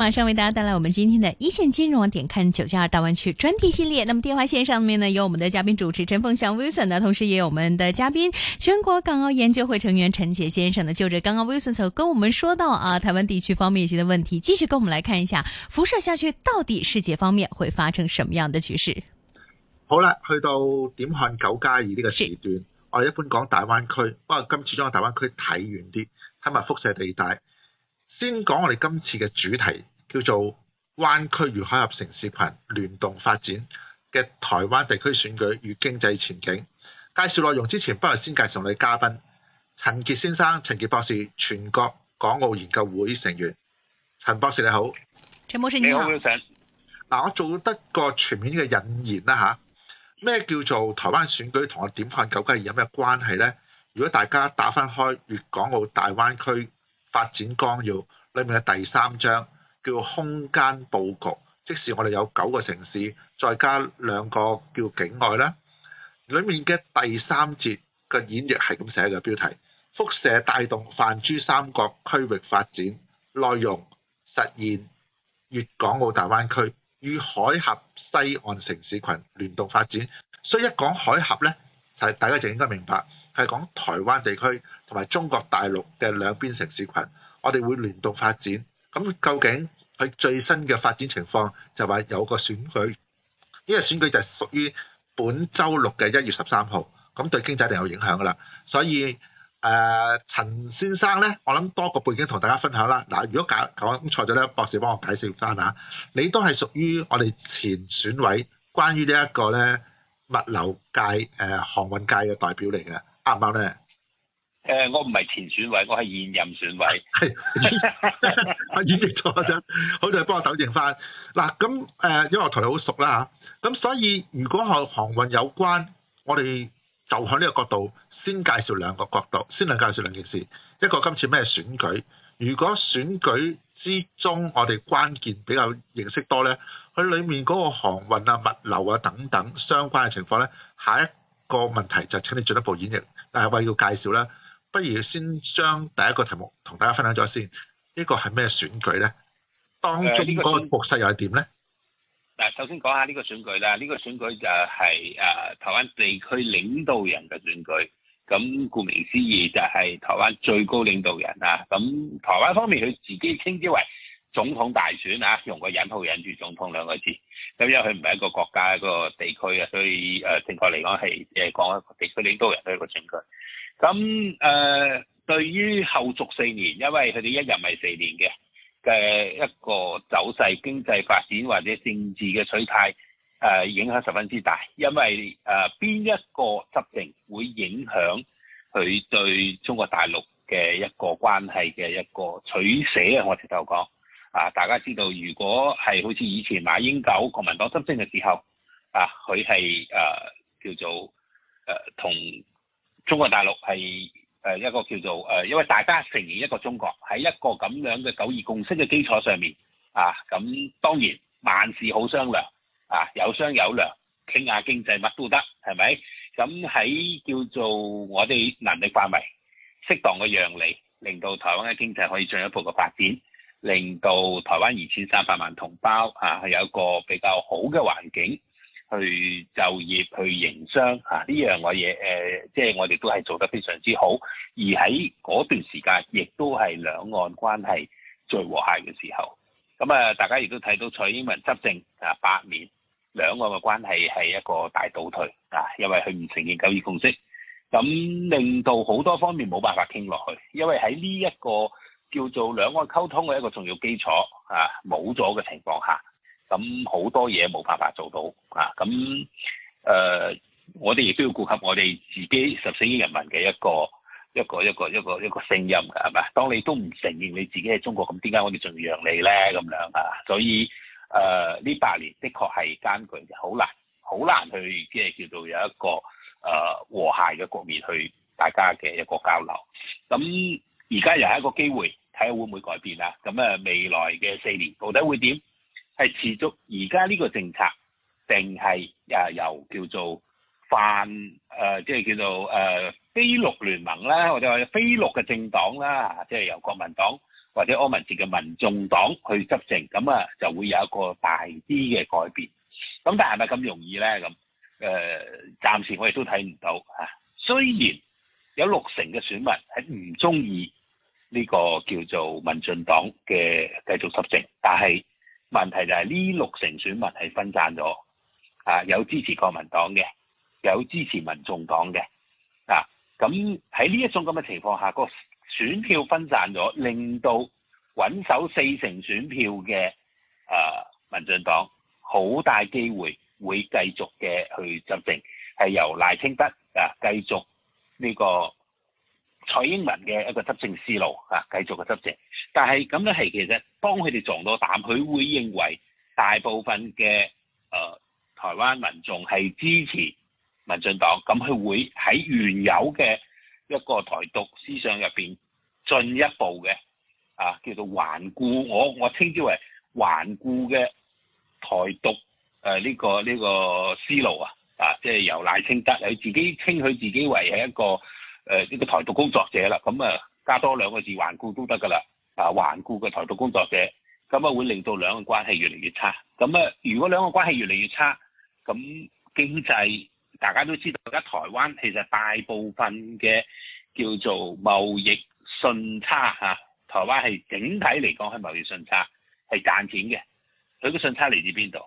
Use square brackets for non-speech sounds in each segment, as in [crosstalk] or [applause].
馬上為大家帶來我們今天的一線金融網點看九加二大灣區專題系列。那麼電話線上面呢，有我們的嘉賓主持陳鳳翔，Wilson 呢，同時也有我們的嘉賓，全國港澳研究會成員陳杰先生呢就着。剛剛 Wilson 所跟我們說到啊，台灣地區方面一些的問題，繼續跟我們來看一下輻射下去到底世界方面會發生什麼樣的局勢。好啦，去到點看九加二這個時段，我哋一般講大灣區，不過，今次將大灣區睇遠啲，睇埋輻射地帶，先講我哋今次嘅主題。叫做灣區與海峽城市群聯動發展嘅台灣地區選舉與經濟前景，介紹內容之前，不如先介紹你嘉賓陳傑先生，陳傑博士，全國港澳研究會成員。陳博士你好，陳博士你好，嗱。我做得個全面嘅引言啦，嚇咩叫做台灣選舉同我點看九加二有咩關係呢？如果大家打翻開《粵港澳大灣區發展綱要》裏面嘅第三章。叫空間佈局，即使我哋有九個城市，再加兩個叫境外啦。裡面嘅第三節嘅演繹係咁寫嘅標題，輻射帶動泛珠三角區域發展，內容實現粵港澳大灣區與海峽西岸城市群聯動發展。所以一講海峽呢，大家就應該明白係講台灣地區同埋中國大陸嘅兩邊城市群，我哋會聯動發展。咁究竟佢最新嘅發展情況就話有個選舉，呢、這個選舉就係屬於本周六嘅一月十三號，咁對經濟一定有影響㗎啦。所以誒，陳、呃、先生咧，我諗多個背景同大家分享啦。嗱，如果講講錯咗咧，博士幫我解釋翻嚇。你都係屬於我哋前選委關於這，關於呢一個咧物流界誒、呃、航運界嘅代表嚟嘅，啱唔啱咧？誒，我唔係前選委，我係現任選委。係 [laughs] [laughs] 演繹錯咗，好哋幫我糾正返。嗱，咁誒，因為我同你好熟啦嚇，咁所以如果係航運有關，我哋就喺呢個角度先介紹兩個角度，先嚟介紹兩件事。一個今次咩選舉？如果選舉之中我哋關鍵比較認識多咧，佢裏面嗰個航運啊、物流啊等等相關嘅情況咧，下一個問題就請你進一步演繹，但係為要介紹啦。不如先將第一個題目同大家分享咗先，呢個係咩選舉呢？當中嗰個模式又係點呢？嗱、啊這個，首先講下呢個選舉啦。呢、這個選舉就係、是、誒、啊、台灣地區領導人嘅選舉。咁顧名思義就係台灣最高領導人啊。咁台灣方面佢自己稱之為總統大選啊，用個引號引住總統兩個字。咁因為佢唔係一個國家一個地區啊，所以、呃、正確嚟講係誒講一個地區領導人一個政區。咁誒、呃、對於後續四年，因為佢哋一任係四年嘅嘅一個走勢、經濟發展或者政治嘅取態、呃、影響十分之大。因為誒邊、呃、一個執政會影響佢對中國大陸嘅一個關係嘅一個取捨啊，我直頭講。啊！大家知道，如果係好似以前馬英九國民黨執政嘅時候，啊，佢係、啊、叫做誒、啊、同中國大陸係、啊、一個叫做、啊、因為大家成為一個中國喺一個咁樣嘅九二共識嘅基礎上面啊，咁當然萬事好商量啊，有商有量，傾下經濟乜都得，係咪？咁喺叫做我哋能力範圍適當嘅讓利，令到台灣嘅經濟可以進一步嘅發展。令到台灣二千三百萬同胞啊，有一個比較好嘅環境去就業、去營商啊，呢樣嘅嘢誒，即係我哋都係做得非常之好。而喺嗰段時間，亦都係兩岸關係最和諧嘅時候。咁啊，大家亦都睇到蔡英文執政啊八年，兩岸嘅關係係一個大倒退啊，因為佢唔承認九二共識，咁令到好多方面冇辦法傾落去，因為喺呢一個，叫做兩岸溝通嘅一個重要基礎啊，冇咗嘅情況下，咁好多嘢冇辦法做到啊！咁誒、呃，我哋亦都要顧及我哋自己十四億人民嘅一個一個一個一個一個聲音，係咪？當你都唔承認你自己係中國，咁點解我哋仲要讓你咧？咁樣啊，所以誒呢八年的確艱的，的確係艱巨嘅，好難好難去即係叫做有一個誒、呃、和諧嘅局面去大家嘅一個交流。咁而家又係一個機會。睇下會唔會改變啊！咁啊，未來嘅四年到底會點？係持續而家呢個政策，定係啊由叫做泛誒、呃，即係叫做誒、呃、非綠聯盟啦，或者話非綠嘅政黨啦，即係由國民黨或者柯文哲嘅民眾黨去執政，咁啊就會有一個大啲嘅改變。咁但係咪咁容易咧？咁誒，暫時我哋都睇唔到啊。雖然有六成嘅選民係唔中意，呢、這個叫做民進黨嘅繼續執政，但係問題就係呢六成選民係分散咗，啊有支持國民黨嘅，有支持民眾黨嘅，啊咁喺呢一種咁嘅情況下，個選票分散咗，令到穩守四成選票嘅、啊、民進黨好大機會會繼續嘅去執政，係由賴清德啊繼續呢個。蔡英文嘅一個執政思路啊，繼續嘅執政，但係咁咧係其實當佢哋撞到膽，佢會認為大部分嘅誒、呃、台灣民眾係支持民進黨，咁、嗯、佢會喺原有嘅一個台獨思想入邊進一步嘅啊叫做頑固，我我稱之為頑固嘅台獨誒呢個呢、這個思路啊，啊即係由賴清德佢自己稱佢自己為係一個。誒、呃、呢、這個台獨工作者啦，咁啊加多兩個字頑固都得㗎啦，啊頑固嘅台獨工作者，咁啊會令到兩個關係越嚟越差。咁啊，如果兩個關係越嚟越差，咁經濟大家都知道，而家台灣其實大部分嘅叫做貿易順差、啊、台灣係整體嚟講係貿易順差，係賺錢嘅。佢個順差嚟自邊度？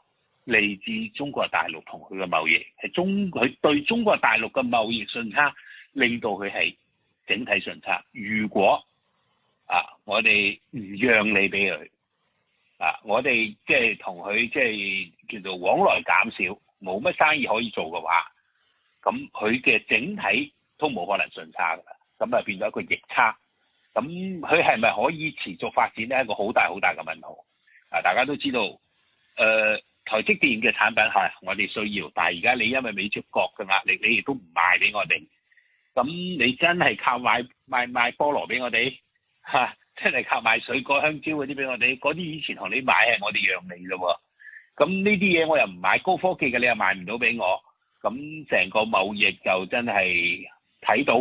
嚟自中國大陸同佢嘅貿易係中佢對中國大陸嘅貿易順差。令到佢係整體順差。如果啊，我哋唔讓你俾佢啊，我哋即係同佢即係叫做往來減少，冇乜生意可以做嘅話，咁佢嘅整體都冇可能順差㗎啦。咁啊變咗一個逆差。咁佢係咪可以持續發展呢？一個好大好大嘅問號。啊，大家都知道，誒、呃、台積電嘅產品係我哋需要，但係而家你因為未出國嘅壓力，你亦都唔賣俾我哋。咁你真係靠賣賣賣菠蘿俾我哋，嚇、啊！即係靠賣水果、香蕉嗰啲俾我哋。嗰啲以前同你買係我哋讓你咯喎。咁呢啲嘢我又唔買高科技嘅，你又買唔到俾我。咁成個貿易就真係睇到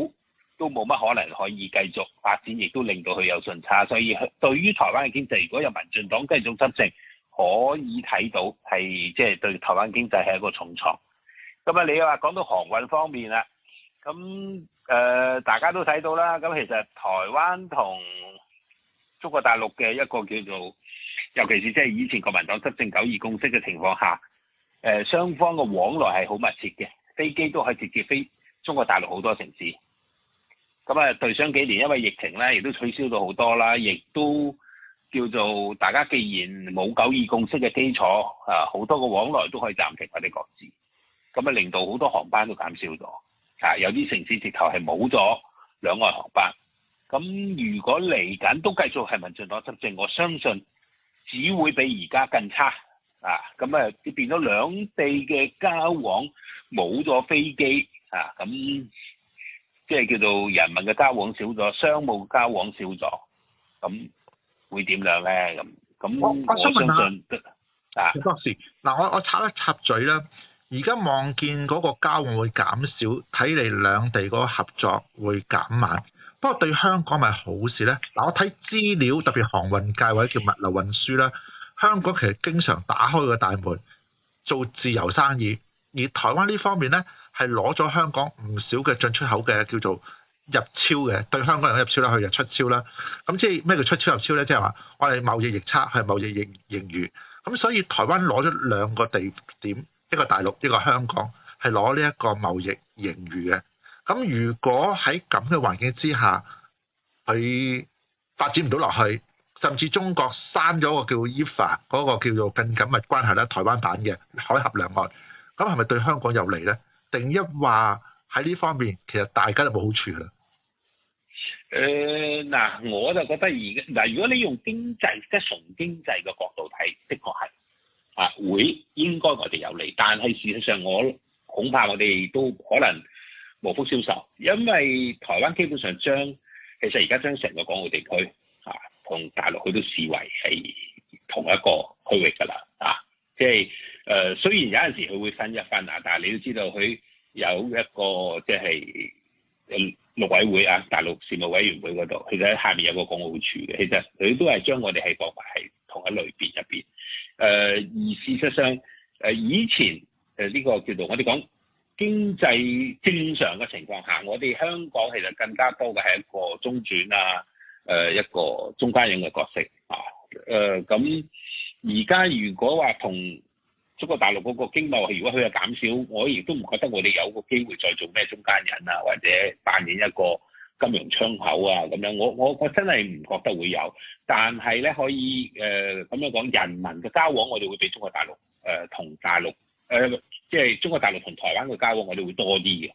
都冇乜可能可以繼續發展，亦都令到佢有順差。所以對於台灣嘅經濟，如果有民進黨繼續執政，可以睇到係即係對台灣經濟係一個重創。咁啊，你又話講到航運方面啦。咁誒、呃，大家都睇到啦。咁其實台灣同中國大陸嘅一個叫做，尤其是即係以前國民黨執政九二共識嘅情況下，誒、呃、雙方嘅往來係好密切嘅，飛機都可以直接飛中國大陸好多城市。咁啊，對上幾年，因為疫情咧，亦都取消咗好多啦，亦都叫做大家既然冇九二共識嘅基礎，啊，好多嘅往來都可以暫停或者擱置。咁啊，令到好多航班都減少咗。啊！有啲城市直頭係冇咗兩岸航班。咁如果嚟緊都繼續係民進黨執政，我相信只會比而家更差。啊！咁啊，變咗兩地嘅交往冇咗飛機啊！咁即係叫做人民嘅交往少咗，商務嘅交往少咗，咁會點樣咧？咁咁我相信我、嗯、啊。博士，嗱，我我插一插嘴啦。而家望見嗰個交往會減少，睇嚟兩地嗰個合作會減慢。不過對香港咪好事咧？嗱，我睇資料，特別航運界或者叫物流運輸啦，香港其實經常打開個大門做自由生意。而台灣呢方面咧係攞咗香港唔少嘅進出口嘅叫做入超嘅，對香港人入超啦，佢就出超啦。咁即係咩叫出超入超咧？即係話我哋貿易逆差係貿易盈盈餘咁，所以台灣攞咗兩個地點。一個大陸，一個香港，係攞呢一個貿易盈餘嘅。咁如果喺咁嘅環境之下，佢發展唔到落去，甚至中國刪咗個叫 ECFA 嗰個叫做更緊密關係咧，台灣版嘅海峽兩岸，咁係咪對香港有利咧？定一話喺呢方面，其實大家都冇好處啦。誒、呃、嗱，我就覺得而家嗱，如果你用經濟即係純經濟嘅角度睇，的確係。啊，會應該我哋有利，但係事實上我恐怕我哋都可能無福消受，因為台灣基本上將其實而家將成個港澳地區啊同大陸佢都視為係同一個區域㗎啦，啊，即係誒、呃、雖然有陣時佢會分一分啊，但係你都知道佢有一個即係誒陸委會啊，大陸事務委員會嗰度，其實喺下面有個港澳處嘅，其實佢都係將我哋係國係。喺類別入邊誒而事實上，誒、呃、以前誒呢、呃呢個叫做我哋講經濟正常嘅情況下，我哋香港其實更加多嘅係一個中轉啊，誒、呃、一個中間人嘅角色啊，咁而家如果話同中國大陸嗰個經貿，如果佢有減少，我亦都唔覺得我哋有個機會再做咩中間人啊，或者扮演一個。金融窗口啊，咁樣我我我真係唔覺得會有，但係咧可以誒咁、呃、樣講，人民嘅交往我哋會比中國大陸誒、呃、同大陸誒，即、呃、係、就是、中國大陸同台灣嘅交往我哋會多啲嘅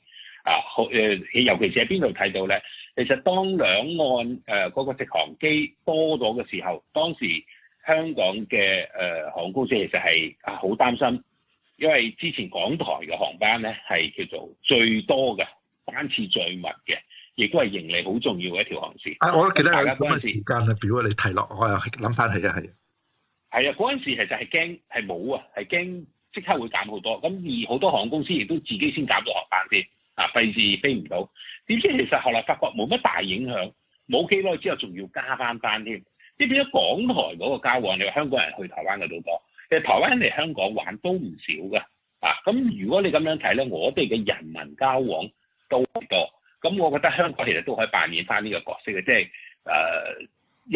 啊！好、呃、尤其是喺邊度睇到咧？其實當兩岸誒嗰、呃、那個直航機多咗嘅時候，當時香港嘅誒、呃、航空公司其實係啊好擔心，因為之前港台嘅航班咧係叫做最多嘅班次最密嘅。亦都係盈利好重要嘅一條航線。啊，我都記得係咁嘅時間啦。表、那個、你睇落，我又諗翻起啊，係、那個。係啊，嗰陣時其實係驚係冇啊，係驚即刻會減好多。咁而好多航空公司亦都自己先減咗航班先啊，費事飛唔到。點知其實後來發覺冇乜大影響，冇幾耐之後仲要加翻班添。即係變咗港台嗰個交往，你話香港人去台灣嘅都多。其實台灣嚟香港玩都唔少嘅啊。咁如果你咁樣睇咧，我哋嘅人民交往都多。咁我覺得香港其實都可以扮演翻呢個角色嘅，即係誒，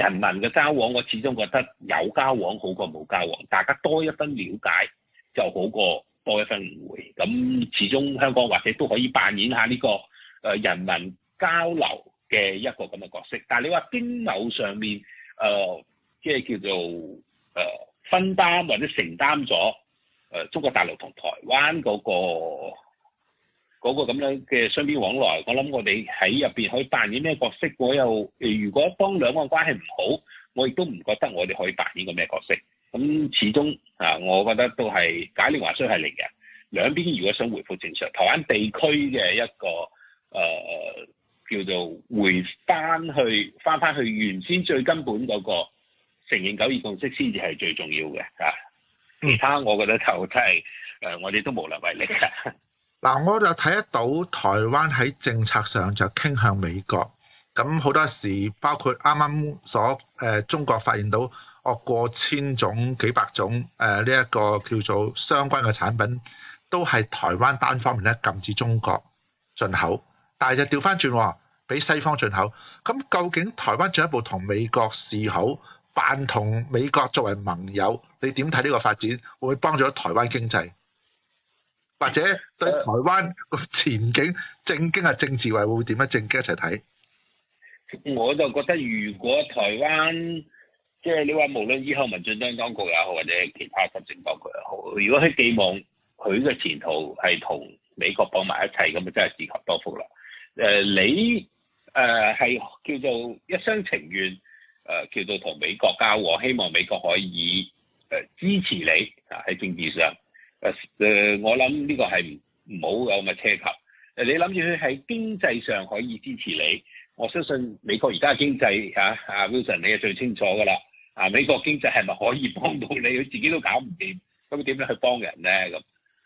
人民嘅交往，我始終覺得有交往好過冇交往，大家多一分了解就好過多一分誤會。咁始終香港或者都可以扮演下呢、這個誒、呃、人民交流嘅一個咁嘅角色。但係你話經貿上面誒、即、呃、係、就是、叫做誒、呃、分擔或者承擔咗誒、呃、中國大陸同台灣嗰、那個。嗰、那個咁樣嘅雙邊往來，我諗我哋喺入面可以扮演咩角色？我又、呃、如果當兩個關係唔好，我亦都唔覺得我哋可以扮演個咩角色。咁始終啊，我覺得都係解鈴還須繫嚟嘅。兩邊如果想回復正常，台灣地區嘅一個誒、呃、叫做回翻去翻翻去原先最根本嗰、那個承認九二共識，先至係最重要嘅。其、啊、他、嗯、我覺得就真係、呃、我哋都無能為力、嗯 [laughs] 嗱，我就睇得到台灣喺政策上就傾向美國，咁好多時候包括啱啱所誒、呃、中國發現到哦過千種幾百種誒呢一個叫做相關嘅產品，都係台灣單方面咧禁止中國進口，但係就調翻轉俾西方進口。咁究竟台灣進一步同美國示好，扮同美國作為盟友，你點睇呢個發展會幫助台灣經濟？或者對台灣個前景政經啊，政，政治維護點樣政經一齊睇？我就覺得，如果台灣即係、就是、你話，無論以後民進黨當局也好，或者其他執政當局也好，如果佢寄望佢嘅前途係同美國綁埋一齊，咁啊真係自求多福啦。誒、呃，你誒係、呃、叫做一廂情願，誒、呃、叫做同美國交往，希望美國可以誒、呃、支持你啊喺政治上。誒、呃、我諗呢個係唔好有咁嘅奢求。誒，你諗住佢喺經濟上可以支持你，我相信美國而家嘅經濟嚇，阿、啊、Wilson 你係最清楚㗎啦。啊，美國經濟係咪可以幫到你？佢自己都搞唔掂，咁點樣去幫人咧？咁、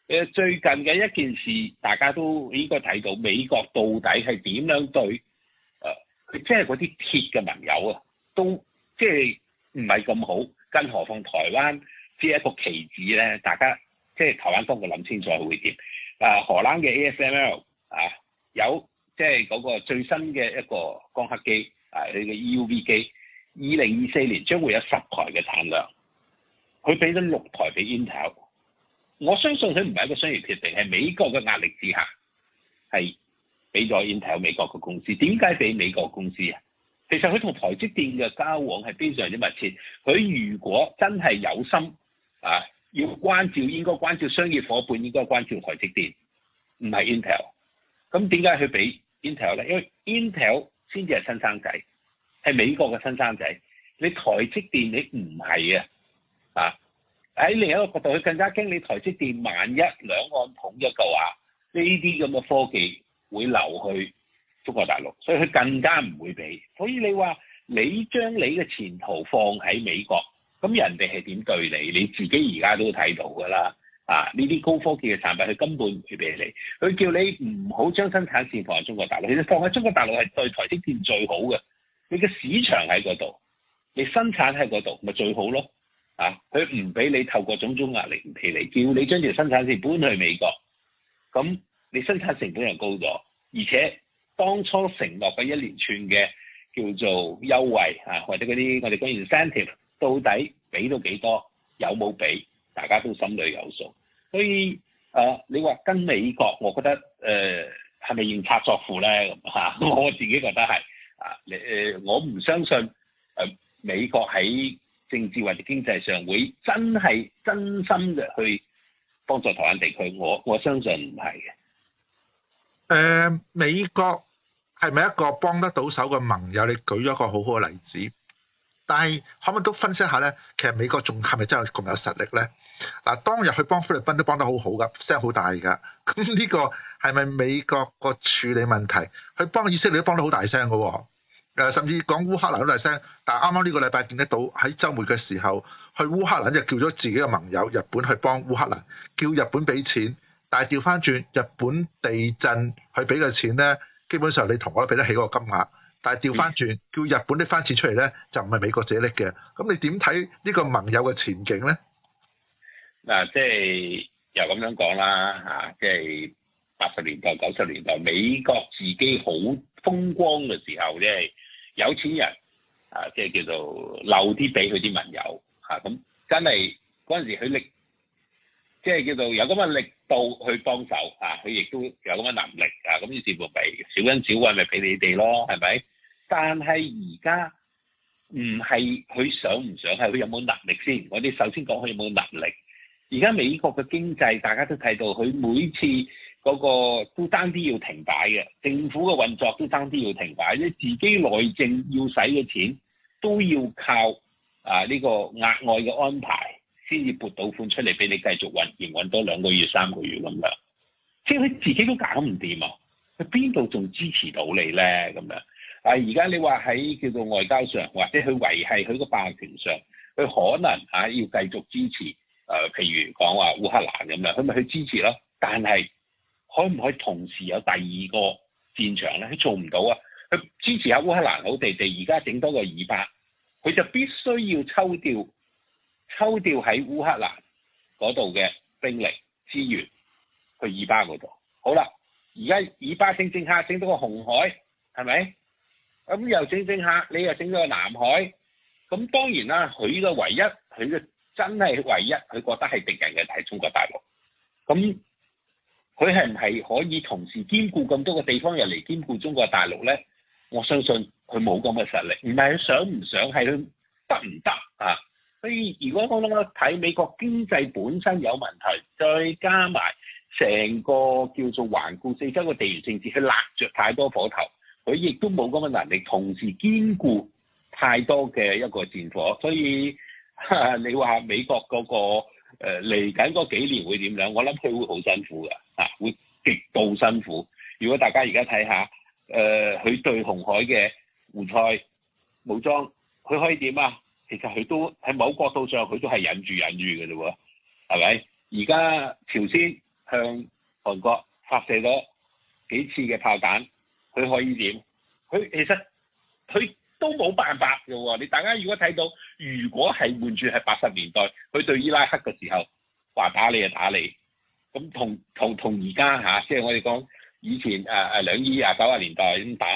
呃、誒，最近嘅一件事，大家都應該睇到美國到底係點樣對誒，佢、呃、即係嗰啲鐵嘅盟友啊，都即係唔係咁好，更何況台灣即係一個棋子咧，大家。即係台灣幫佢諗清楚會點？啊，荷蘭嘅 ASML 啊，有即係嗰個最新嘅一個光刻機啊，佢嘅 EUV 機，二零二四年將會有十台嘅產量。佢俾咗六台俾 Intel，我相信佢唔係一個商業決定，係美國嘅壓力之下係俾咗 Intel 美國嘅公司。點解俾美國公司啊？其實佢同台積電嘅交往係非常之密切。佢如果真係有心啊？要關照應該關照商業伙伴，應該關照台積電，唔係 Intel。咁點解佢俾 Intel 咧？因為 Intel 先至係新生仔，係美國嘅新生仔。你台積電你唔係啊！啊！喺另一個角度，佢更加驚你台積電萬一兩岸統一嘅話，呢啲咁嘅科技會流去中國大陸，所以佢更加唔會俾。所以你話你將你嘅前途放喺美國。咁人哋係點對你？你自己而家都睇到㗎啦，啊！呢啲高科技嘅產品佢根本唔會俾你，佢叫你唔好將生產線放喺中國大陸。其實放喺中國大陸係對台積電最好嘅，你嘅市場喺嗰度，你生產喺嗰度咪最好咯？啊！佢唔俾你透過種種壓力唔俾你，叫你將條生產線搬去美國。咁你生產成本又高咗，而且當初承諾嘅一連串嘅叫做優惠啊，或者嗰啲我哋講 incentive 到底俾到幾多？有冇俾？大家都心裏有數。所以誒、啊，你話跟美國，我覺得誒係咪認賊作父咧咁嚇？我自己覺得係啊。你、呃、誒，我唔相信誒、啊、美國喺政治或者經濟上會真係真心嘅去幫助台灣地區。我我相信唔係嘅。誒、呃，美國係咪一個幫得到手嘅盟友？你舉咗一個好好嘅例子。但係可唔可以都分析下咧？其實美國仲係咪真係咁有實力咧？嗱，當日去幫菲律賓都幫得好好㗎，聲好大㗎。咁呢個係咪美國個處理問題？去幫以色列都幫得好大聲㗎喎。誒，甚至講烏克蘭都大聲。但係啱啱呢個禮拜見得到，喺週末嘅時候去烏克蘭就叫咗自己嘅盟友日本去幫烏克蘭，叫日本俾錢。但係調翻轉，日本地震去俾嘅錢咧，基本上你同我都俾得起嗰個金額。但係調翻轉，叫日本拎返錢出嚟咧，就唔係美國自己拎嘅。咁你點睇呢個盟友嘅前景咧？嗱，即係又咁樣講啦嚇，即係八十年代、九十年代美國自己好、啊就是啊就是、風光嘅時候，即、就、係、是、有錢人啊，即、就、係、是、叫做漏啲俾佢啲盟友嚇。咁、啊、真係嗰陣時佢力，即、就、係、是、叫做有咁嘅力度去幫手嚇，佢、啊、亦都有咁嘅能力啊。咁於是乎咪小恩小惠咪俾你哋咯，係咪？但係而家唔係佢想唔想，係佢有冇能力先。我哋首先講佢有冇能力。而家美國嘅經濟大家都睇到，佢每次嗰個都爭啲要停擺嘅，政府嘅運作都爭啲要停擺，即係自己內政要使嘅錢都要靠啊呢個額外嘅安排，先至撥到款出嚟俾你繼續運，延運多兩個月、三個月咁樣。即係佢自己都搞唔掂啊！佢邊度仲支持到你咧？咁樣？但係而家你話喺叫做外交上，或者去維繫佢個霸權上，佢可能嚇、啊、要繼續支持，誒、呃、譬如講話烏克蘭咁樣，佢咪去支持咯？但係可唔可以同時有第二個戰場咧？佢做唔到啊！佢支持下烏克蘭好好的，好地地而家整多個以巴，佢就必須要抽調抽調喺烏克蘭嗰度嘅兵力資源去以巴嗰度。好啦，而家以巴升正，正下整多個紅海，係咪？咁又整整下，你又整咗個南海，咁當然啦，佢嘅唯一，佢嘅真係唯一，佢覺得係敵人嘅係中國大陸。咁佢係唔係可以同時兼顧咁多個地方入嚟兼顧中國大陸咧？我相信佢冇咁嘅實力，唔係佢想唔想，係佢得唔得啊？所以如果我諗睇美國經濟本身有問題，再加埋成個叫做環顧四周嘅地緣政治，佢立着太多火頭。佢亦都冇咁嘅能力同時兼顧太多嘅一個戰火，所以哈哈你話美國嗰、嗰個嚟緊嗰幾年會點樣？我諗佢會好辛苦嘅，啊，會極度辛苦。如果大家而家睇下誒，佢、呃、對紅海嘅胡塞武裝，佢可以點啊？其實佢都喺某角度上，佢都係忍住忍住嘅啫喎，係咪？而家朝鮮向韓國發射咗幾次嘅炮彈。佢可以點？佢其實佢都冇辦法嘅喎、哦。你大家如果睇到，如果係換住係八十年代，佢對伊拉克嘅時候話打你就打你，咁同同同而家嚇，即、啊、係、就是，我哋講以前誒誒兩二廿九廿年代咁打，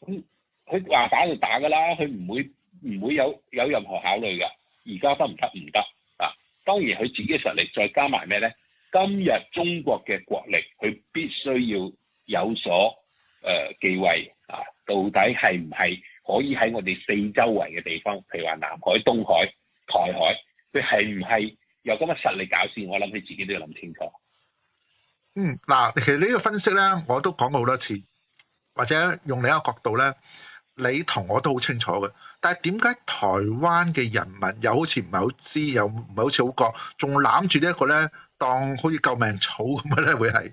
咁佢話打就打㗎啦，佢唔會唔會有有任何考慮㗎。而家得唔得唔得啊？當然佢自己嘅實力再加埋咩咧？今日中國嘅國力，佢必須要有所。誒、呃，幾位啊，到底係唔係可以喺我哋四周圍嘅地方，譬如話南海、東海、台海，佢係唔係有咁嘅實力搞事？我諗起自己都要諗清楚。嗯，嗱，其實呢個分析咧，我都講過好多次，或者用另一個角度咧，你同我都好清楚嘅。但係點解台灣嘅人民又好似唔係好知，又唔係好似好覺，仲攬住呢一個咧，當好似救命草咁樣咧，會係？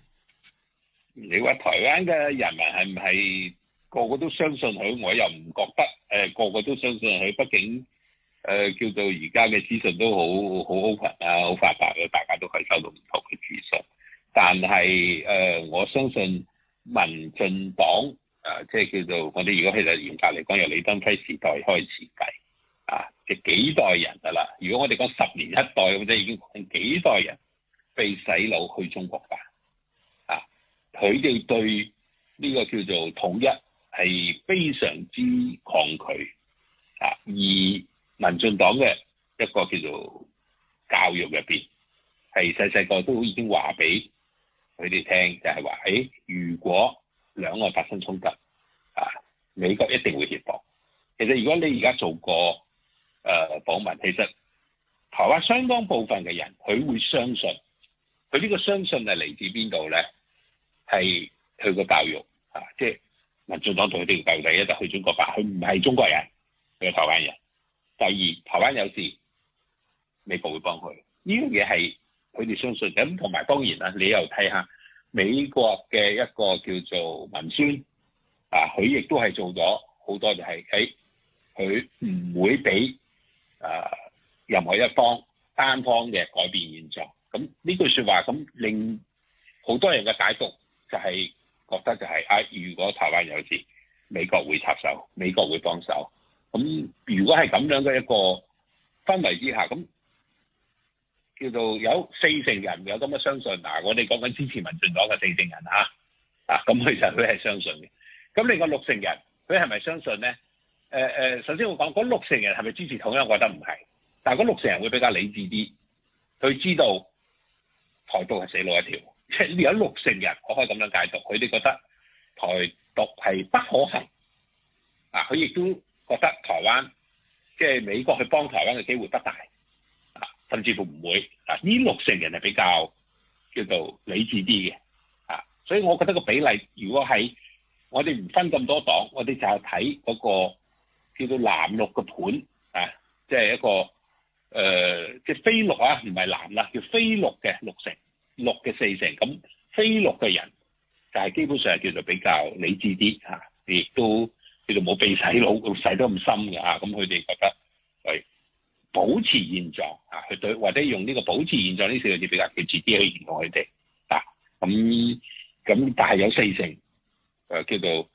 你話台灣嘅人民係唔係個個都相信佢？我又唔覺得誒、呃、個個都相信佢。畢竟誒、呃、叫做而家嘅資訊都好好 open 啊，好發達，大家都係收到唔同嘅資訊。但係誒、呃，我相信民進黨啊，即係叫做我哋如果其實嚴格嚟講，由李登輝時代開始計啊，即係幾代人㗎啦。如果我哋講十年一代或者，已經幾代人被洗腦去中國翻。佢哋對呢個叫做統一係非常之抗拒啊！而民進黨嘅一個叫做教育入邊，係細細個都已經話俾佢哋聽，就係、是、話，誒、哎，如果兩岸發生衝突，啊，美國一定會協防。其實如果你而家做個過誒訪問，其實台灣相當部分嘅人，佢會相信佢呢個相信係嚟自邊度咧？係佢個教育啊，即係民進黨同佢哋嘅教育。第一就去中國吧，佢唔係中國人，佢係台灣人。第二台灣有事，美國會幫佢。呢樣嘢係佢哋相信咁，同埋當然啦。你又睇下美國嘅一個叫做文宣啊，佢亦都係做咗好多，就係喺佢唔會俾啊任何一方單方嘅改變現狀。咁呢句説話咁令好多人嘅解讀。就係、是、覺得就係、是、啊！如果台灣有事，美國會插手，美國會幫手。咁如果係咁樣嘅一個氛圍之下，咁叫做有四成人有咁嘅相信。嗱、啊，我哋講緊支持民進黨嘅四成人嚇，嗱咁佢就佢、是、係相信嘅。咁你個六成人，佢係咪相信咧？誒、呃呃、首先我講嗰六成人係咪支持統一？我覺得唔係，但係嗰六成人會比較理智啲，佢知道台獨係死路一條。即有六成人，我可以咁樣解讀，佢哋覺得台獨係不可行啊！佢亦都覺得台灣即係美國去幫台灣嘅機會不大啊，甚至乎唔會啊！呢六成人係比較叫做理智啲嘅啊，所以我覺得個比例，如果係我哋唔分咁多黨，我哋就係睇嗰個叫做藍綠嘅盤啊，即係一個誒、呃，即係非綠啊，唔係藍啦，叫非綠嘅六成。綠嘅四成咁，非綠嘅人就係基本上係叫做比較理智啲嚇，亦都叫做冇被洗腦咁洗得咁深嘅嚇。咁佢哋覺得係保持現狀嚇，佢對或者用呢個保持現狀呢四個字比較佢自己去形容佢哋嗱。咁咁，但係有四成誒、啊、叫做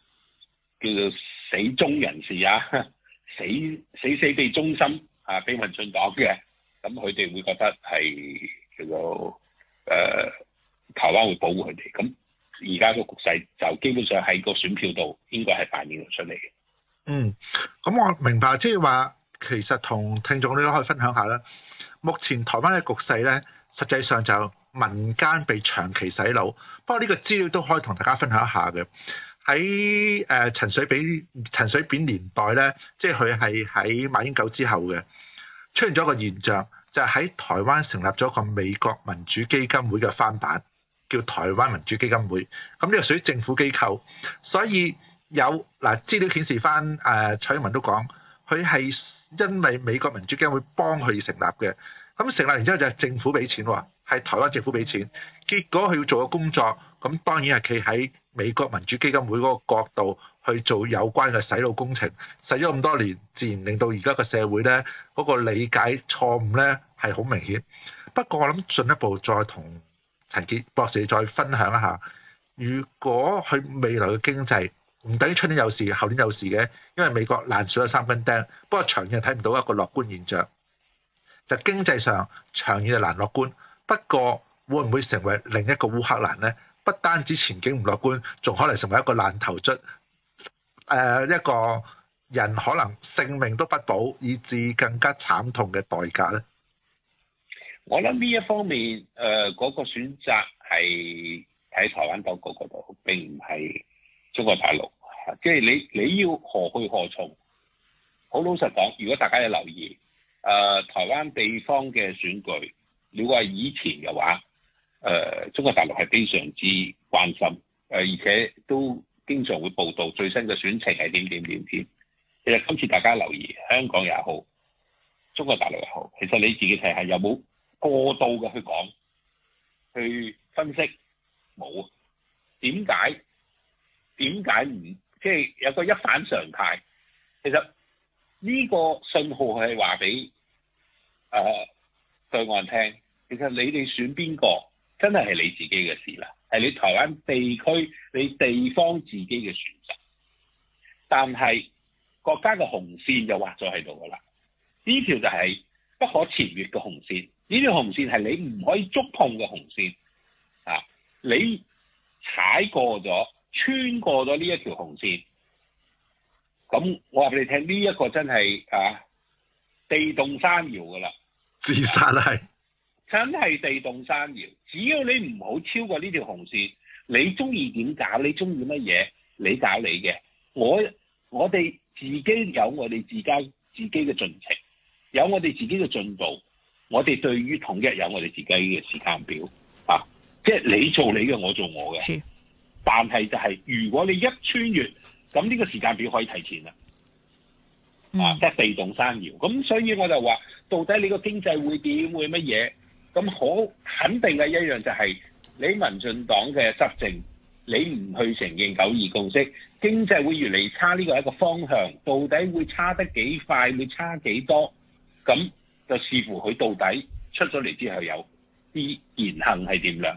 叫做死忠人士啊，死死死地忠心啊，跟民進黨嘅咁，佢哋會覺得係叫做。誒、呃、台灣會保護佢哋，咁而家個局勢就基本上喺個選票度應該係反映咗出嚟嘅。嗯，咁我明白，即係話其實同聽眾你都可以分享一下啦。目前台灣嘅局勢咧，實際上就民間被長期洗腦。不過呢個資料都可以同大家分享一下嘅。喺誒陳水比陳水扁年代咧，即係佢係喺馬英九之後嘅，出現咗一個現象。就喺、是、台灣成立咗個美國民主基金會嘅翻版，叫台灣民主基金會。咁呢個屬於政府機構，所以有嗱資料顯示翻。誒、呃，蔡英文都講佢係因為美國民主基金會幫佢成立嘅。咁成立完之後就係政府俾錢喎，係台灣政府俾錢。結果佢要做嘅工作，咁當然係企喺美國民主基金會嗰個角度。去做有關嘅洗腦工程，洗咗咁多年，自然令到而家個社會呢嗰個理解錯誤呢係好明顯。不過我諗進一步再同陳杰博士再分享一下，如果佢未來嘅經濟唔等於出年有事，後年有事嘅，因為美國爛船都有三分釘。不過長遠睇唔到一個樂觀現象，就經濟上長遠就難樂觀。不過會唔會成為另一個烏克蘭呢？不單止前景唔樂觀，仲可能成為一個爛頭卒。誒、呃、一個人可能性命都不保，以致更加慘痛嘅代價咧。我諗呢一方面，誒、呃、嗰、那個選擇係喺台灣島國嗰度，並唔係中國大陸。即、啊、係、就是、你你要何去何從？好老實講，如果大家要留意，誒、呃、台灣地方嘅選舉，如果係以前嘅話，誒、呃、中國大陸係非常之關心，呃、而且都。經常會報道最新嘅選情係點點點添。其實今次大家留意香港也好，中國大陸也好，其實你自己睇下有冇過度嘅去講去分析，冇啊。點解？點解唔即係有個一反常態？其實呢個信號係話俾誒、對岸聽。其實你哋選邊個真係係你自己嘅事啦。係你台灣地區，你地方自己嘅選擇，但係國家嘅紅線就畫咗喺度噶啦。呢條就係不可踰越嘅紅線，呢條紅線係你唔可以觸碰嘅紅線。啊，你踩過咗、穿過咗呢一條紅線，咁我話俾你聽，呢一個真係啊地動山搖噶啦，自殺啦！係。真係地動山搖，只要你唔好超過呢條紅線，你中意點搞，你中意乜嘢，你搞你嘅。我我哋自己有我哋自己自己嘅進程，有我哋自己嘅進步，我哋對於統一有我哋自己嘅時間表啊，即係你做你嘅，我做我嘅。但係就係如果你一穿越，咁呢個時間表可以提前啦。啊，即係地動山搖，咁所以我就話，到底你個經濟會點會乜嘢？咁好肯定嘅一樣就係、是，你民進黨嘅執政，你唔去承認九二共識，經濟會越嚟差呢個係一個方向。到底會差得幾快，會差幾多？咁就視乎佢到底出咗嚟之後有啲言行係點樣